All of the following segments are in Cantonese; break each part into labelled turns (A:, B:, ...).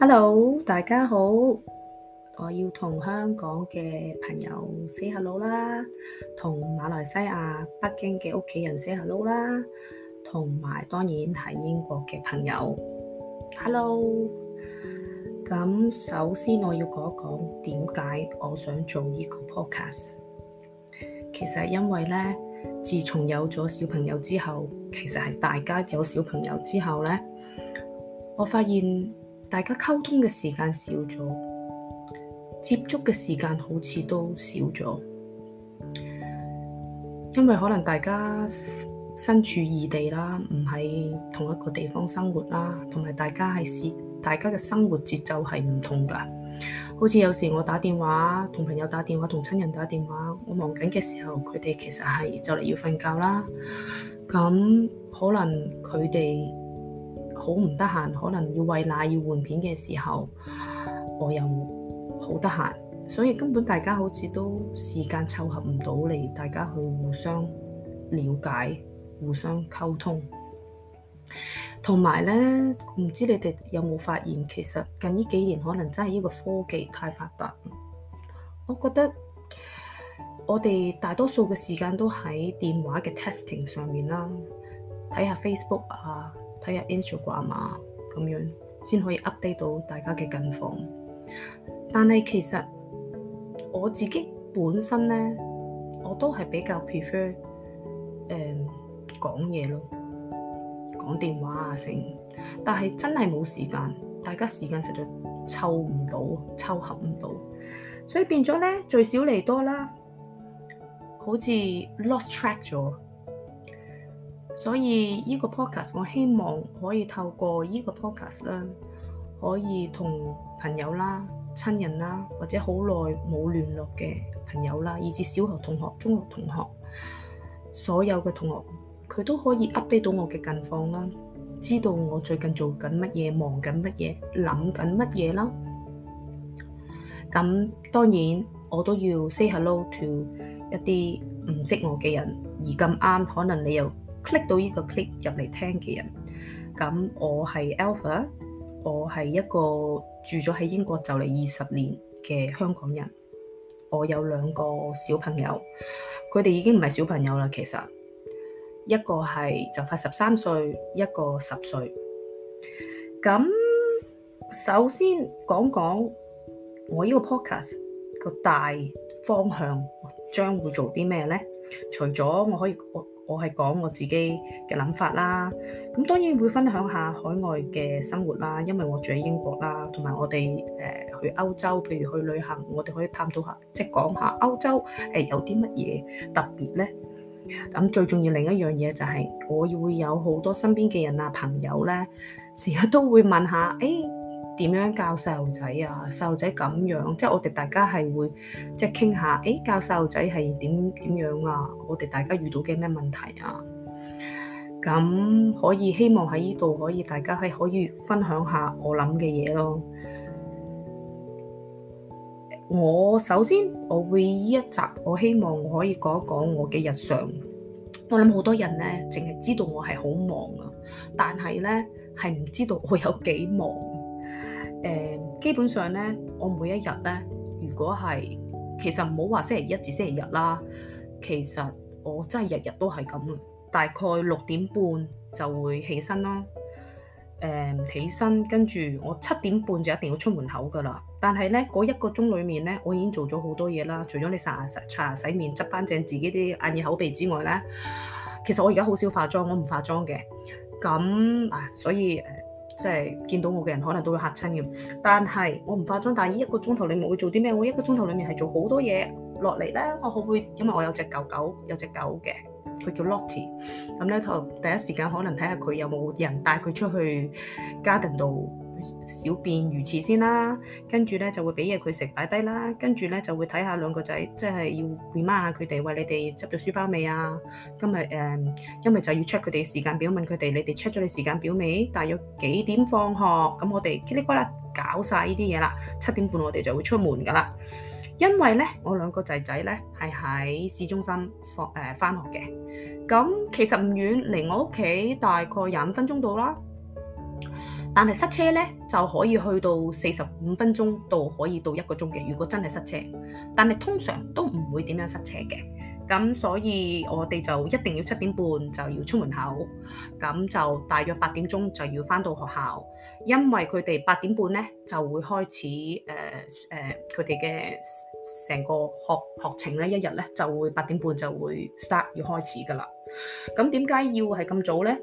A: Hello，大家好！我要同香港嘅朋友 say Hello 啦，同馬來西亞、北京嘅屋企人 say Hello 啦，同埋當然係英國嘅朋友。Hello，咁首先我要講一講點解我想做呢個 podcast。其實因為咧，自從有咗小朋友之後，其實係大家有小朋友之後咧，我發現。大家溝通嘅時間少咗，接觸嘅時間好似都少咗，因為可能大家身處異地啦，唔喺同一個地方生活啦，同埋大家係大家嘅生活節奏係唔同㗎。好似有時我打電話，同朋友打電話，同親人打電話，我忙緊嘅時候，佢哋其實係就嚟要瞓覺啦。咁可能佢哋。好唔得閒，可能要餵奶、要換片嘅時候，我又好得閒，所以根本大家好似都時間湊合唔到嚟，大家去互相了解、互相溝通。同埋呢，唔知你哋有冇發現，其實近呢幾年可能真係呢個科技太發達。我覺得我哋大多數嘅時間都喺電話嘅 testing 上面啦，睇下 Facebook 啊。睇下 Instagram 啊，咁樣先可以 update 到大家嘅近況。但係其實我自己本身咧，我都係比較 prefer 誒、呃、講嘢咯，講電話啊成。但係真係冇時間，大家時間實在湊唔到，湊合唔到，所以變咗咧聚少離多啦，好似 lost track 咗。所以呢個 podcast，我希望可以透過呢個 podcast 啦，可以同朋友啦、親人啦，或者好耐冇聯絡嘅朋友啦，以至小學同學、中學同學，所有嘅同學，佢都可以 update 到我嘅近況啦，知道我最近做緊乜嘢、忙緊乜嘢、諗緊乜嘢啦。咁當然我都要 say hello to 一啲唔識我嘅人，而咁啱可能你又。click 到呢個 click 入嚟聽嘅人，咁我係 Alpha，我係一個住咗喺英國就嚟二十年嘅香港人。我有兩個小朋友，佢哋已經唔係小朋友啦。其實一個係就快十三歲，一個十歲。咁首先講講我呢個 podcast 個大方向將會做啲咩呢？除咗我可以我。我係講我自己嘅諗法啦，咁當然會分享下海外嘅生活啦，因為我住喺英國啦，同埋我哋誒去歐洲，譬如去旅行，我哋可以探討下，即係講下歐洲誒有啲乜嘢特別呢？咁最重要另一樣嘢就係我會有好多身邊嘅人啊朋友呢，成日都會問下，誒。點樣教細路仔啊？細路仔咁樣，即係我哋大家係會即係傾下。誒、哎，教細路仔係點點樣啊？我哋大家遇到嘅咩問題啊？咁可以希望喺呢度可以大家係可以分享下我諗嘅嘢咯。我首先我會依一集，我希望我可以講一講我嘅日常。我諗好多人呢，淨係知道我係好忙啊，但係呢，係唔知道我有幾忙。誒、嗯、基本上呢，我每一日呢，如果係其實唔好話星期一至星期日啦，其實我真係日日都係咁嘅。大概六點半就會起身咯，誒、嗯、起身跟住我七點半就一定要出門口噶啦。但係呢，嗰一個鐘裡面呢，我已經做咗好多嘢啦。除咗你刷牙、洗面、執翻正自己啲眼耳口鼻之外呢，其實我而家好少化妝，我唔化妝嘅。咁啊，所以即係、就是、見到我嘅人可能都會嚇親嘅，但係我唔化妝。但係一個鐘頭裡面會做啲咩？我一個鐘頭裡面係做好多嘢落嚟咧。我會因為我有隻狗狗，有隻狗嘅，佢叫 Lottie。咁咧，佢第一時間可能睇下佢有冇人帶佢出去 garden 度。小便魚池先啦，跟住咧就會俾嘢佢食擺低啦，跟住咧就會睇下兩個仔，即係要換媽下佢哋，喂，你哋執咗書包未啊？今日誒，因為就要 check 佢哋時間表，問佢哋，你哋 check 咗你時間表未？大約幾點放學？咁我哋嘰哩呱啦搞曬呢啲嘢啦，七點半我哋就會出門噶啦。因為咧，我兩個仔仔咧係喺市中心放誒翻學嘅，咁其實唔遠，離我屋企大概廿五分鐘到啦。但係塞車咧，就可以去到四十五分鐘到可以到一個鐘嘅。如果真係塞車，但係通常都唔會點樣塞車嘅。咁所以我哋就一定要七點半就要出門口，咁就大約八點鐘就要返到學校，因為佢哋八點半咧就會開始誒誒佢哋嘅成個學學程咧，一日咧就會八點半就會 start 要開始㗎啦。咁點解要係咁早咧？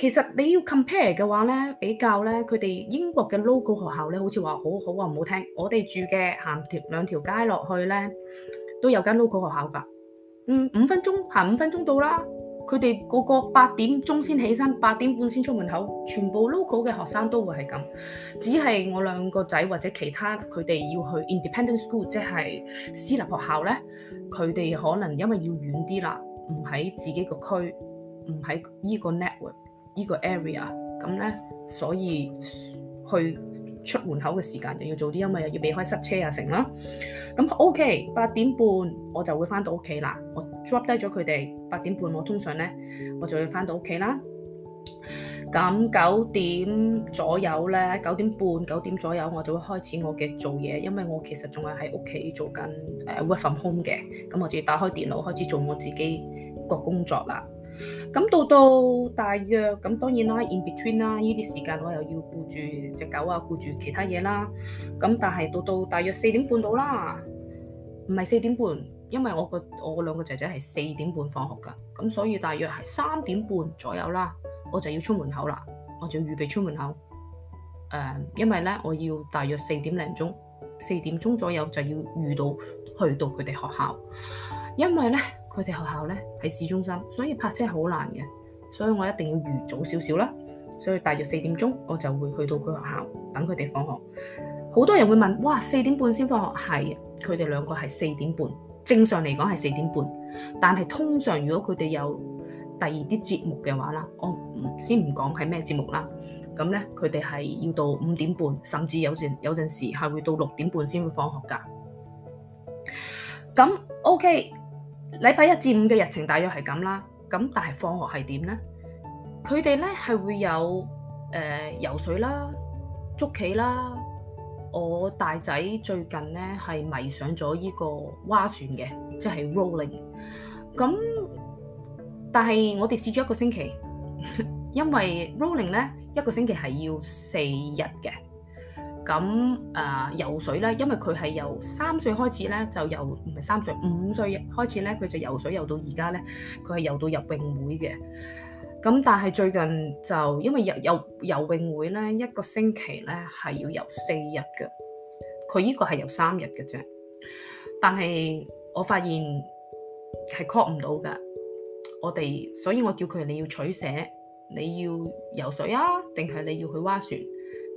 A: 其實你要 compare 嘅話咧，比較咧，佢哋英國嘅 local 學校咧，好似話好好啊，唔好聽。我哋住嘅行條兩條街落去咧，都有間 local 學校㗎。嗯，五分鐘行五分鐘到啦。佢哋個個八點鐘先起身，八點半先出門口，全部 local 嘅學生都會係咁。只係我兩個仔或者其他佢哋要去 independent school，即係私立學校咧，佢哋可能因為要遠啲啦，唔喺自己個區，唔喺依個 network。呢個 area，咁呢，所以去出門口嘅時間就要做啲，因為又要避開塞車啊成啦。咁 OK，八點半我就會翻到屋企啦。我 drop 低咗佢哋，八點半我通常呢，我就會翻到屋企啦。咁九點左右呢，九點半、九點左右我就會開始我嘅做嘢，因為我其實仲係喺屋企做緊誒、呃、work from home 嘅。咁我就要打開電腦開始做我自己個工作啦。咁到到大約咁當然啦，in between 啦，呢啲時間我又要顧住隻狗啊，顧住其他嘢啦。咁但係到到大約四點半到啦，唔係四點半，因為我個我兩個仔仔係四點半放學㗎，咁所以大約係三點半左右啦，我就要出門口啦，我就要預備出門口。誒、呃，因為咧我要大約四點零鐘、四點鐘左右就要預到去到佢哋學校，因為咧。佢哋學校呢喺市中心，所以泊車好難嘅，所以我一定要預早少少啦。所以大約四點鐘我就會去到佢學校等佢哋放學。好多人會問，哇，四點半先放學，係佢哋兩個係四點半，正常嚟講係四點半。但係通常如果佢哋有第二啲節目嘅話啦，我唔先唔講係咩節目啦。咁呢，佢哋係要到五點半，甚至有陣有陣時係會到六點半先會放學㗎。咁 OK。禮拜一至五嘅日程大約係咁啦，咁但係放學係點咧？佢哋咧係會有誒、呃、游水啦、捉棋啦。我大仔最近咧係迷上咗依個蛙船嘅，即、就、係、是、rolling。咁但係我哋試咗一個星期，因為 rolling 咧一個星期係要四日嘅。咁誒、呃、游水咧，因為佢係由三歲開始咧就遊，唔係三歲五歲開始咧，佢就游水游到而家咧，佢係游到入泳會嘅。咁但係最近就因為遊遊游泳會咧，一個星期咧係要游四日嘅，佢依個係游三日嘅啫。但係我發現係 cut 唔到㗎。我哋所以我叫佢你要取捨，你要游水啊，定係你要去蛙船？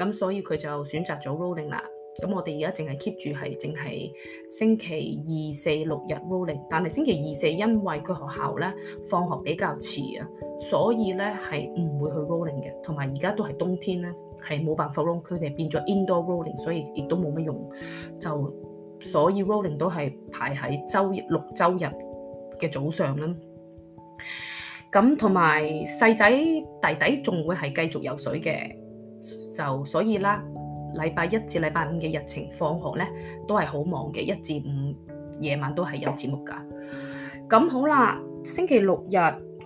A: 咁所以佢就選擇咗 rolling 啦。咁我哋而家淨係 keep 住係淨係星期二四六日 rolling，但係星期二四因為佢學校咧放學比較遲啊，所以咧係唔會去 rolling 嘅。同埋而家都係冬天咧，係冇辦法，佢哋變咗 indoor rolling，所以亦都冇乜用。就所以 rolling 都係排喺周六周日嘅早上啦。咁同埋細仔弟弟仲會係繼續游水嘅。就所以啦，禮拜一至禮拜五嘅日程放學咧都係好忙嘅，一至五夜晚都係有節目噶。咁好啦，星期六日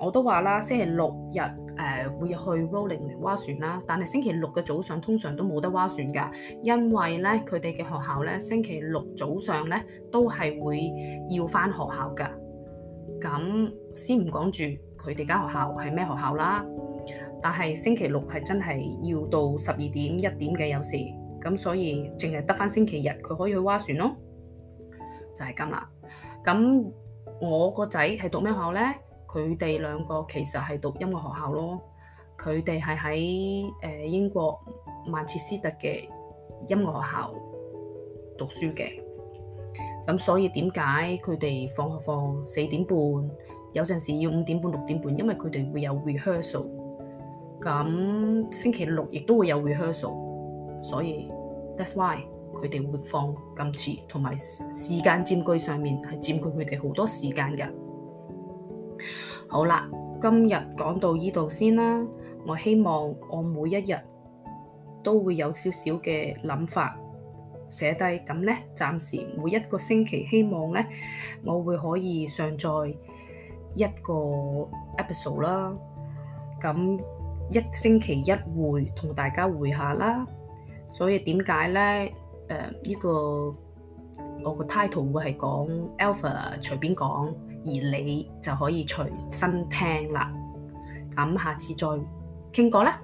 A: 我都話啦，星期六日誒、呃、會去 Rolling 嚟劃船啦，但係星期六嘅早上通常都冇得劃船噶，因為咧佢哋嘅學校咧星期六早上咧都係會要返學校噶。咁先唔講住佢哋間學校係咩學校啦。但係星期六係真係要到十二點一點嘅有時咁，所以淨係得返星期日佢可以去划船咯，就係咁啦。咁我個仔係讀咩學校呢？佢哋兩個其實係讀音樂學校咯，佢哋係喺誒英國曼徹斯特嘅音樂學校讀書嘅。咁所以點解佢哋放學放四點半，有陣時要五點半六點半，因為佢哋會有 rehearsal。咁星期六亦都會有 rehearsal，所以 that's why 佢哋會放咁遲，同埋時間佔據上面係佔據佢哋好多時間嘅。好啦，今日講到呢度先啦。我希望我每一日都會有少少嘅諗法寫低，咁咧暫時每一個星期希望咧，我會可以上載一個 episode 啦，咁。一星期一會同大家會下啦，所以點解咧？誒呢個我個 title 會係講 Alpha 隨便講，而你就可以隨身聽啦。咁下次再傾過啦。